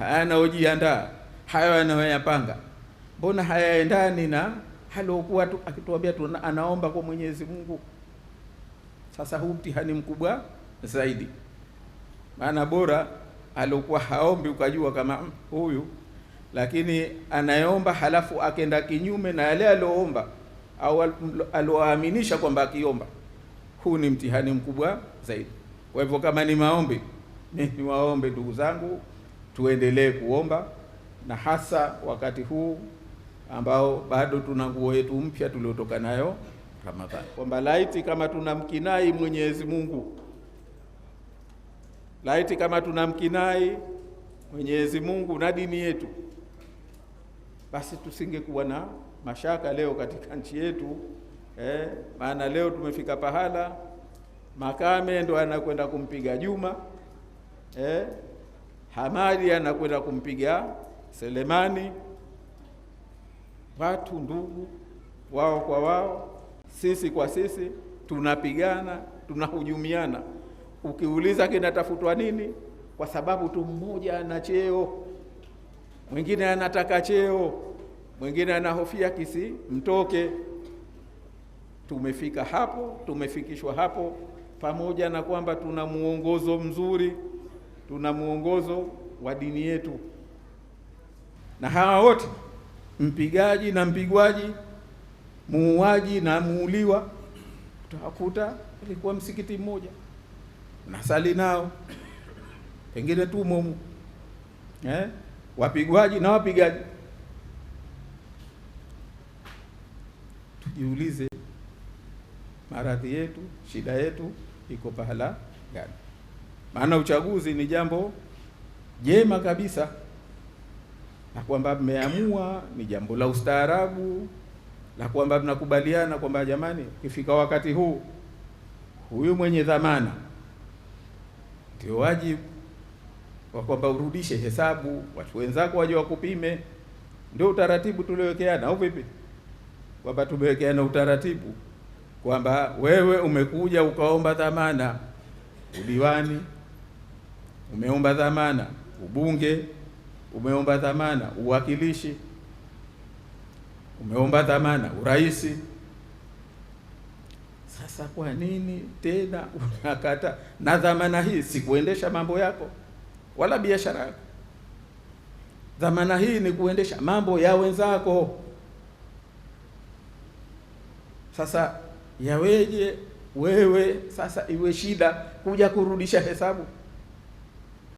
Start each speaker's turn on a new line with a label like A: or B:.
A: haya yanayojiandaa, hayo anayoyapanga, mbona hayaendani na aliokuwa tu akituambia tu anaomba kwa Mwenyezi Mungu? Sasa huu mtihani mkubwa zaidi, maana bora aliokuwa haombi ukajua kama mm, huyu, lakini anayeomba halafu akenda kinyume na yale alioomba au alioaminisha kwamba akiomba, huu ni mtihani mkubwa zaidi. Kwa hivyo kama ni maombi, ni waombe ndugu zangu tuendelee kuomba na hasa wakati huu ambao bado tuna nguo yetu mpya tuliotoka nayo Ramadhani, kwamba laiti kama tunamkinai Mwenyezi Mungu, laiti kama tunamkinai Mwenyezi Mungu na dini yetu, basi tusingekuwa na mashaka leo katika nchi yetu eh. Maana leo tumefika pahala Makame ndo anakwenda kumpiga Juma eh. Hamadi anakwenda kumpiga Selemani. Watu ndugu wao kwa wao, sisi kwa sisi, tunapigana tunahujumiana. Ukiuliza kinatafutwa nini? Kwa sababu tu mmoja ana cheo, mwingine anataka cheo, mwingine anahofia kisi mtoke. Tumefika hapo, tumefikishwa hapo, pamoja na kwamba tuna muongozo mzuri tuna mwongozo wa dini yetu, na hawa wote mpigaji na mpigwaji, muuaji na muuliwa, utawakuta ilikuwa msikiti mmoja, nasali nao pengine mumu eh? wapigwaji na wapigaji. Tujiulize maradhi yetu, shida yetu iko pahala gani? maana uchaguzi ni jambo jema kabisa, na kwamba mmeamua ni jambo la ustaarabu la kwamba mnakubaliana kwamba jamani, ukifika wakati huu huyu mwenye dhamana ndio wajibu wa kwamba urudishe hesabu, watu wenzako waje wakupime. Ndio utaratibu tuliowekeana, au vipi? Kwamba tumewekeana utaratibu kwamba wewe umekuja ukaomba dhamana udiwani umeomba dhamana ubunge, umeomba dhamana uwakilishi, umeomba dhamana uraisi. Sasa kwa nini tena unakata? Na dhamana hii si kuendesha mambo yako wala biashara yako, dhamana hii ni kuendesha mambo ya wenzako. Sasa yaweje wewe sasa iwe shida kuja kurudisha hesabu?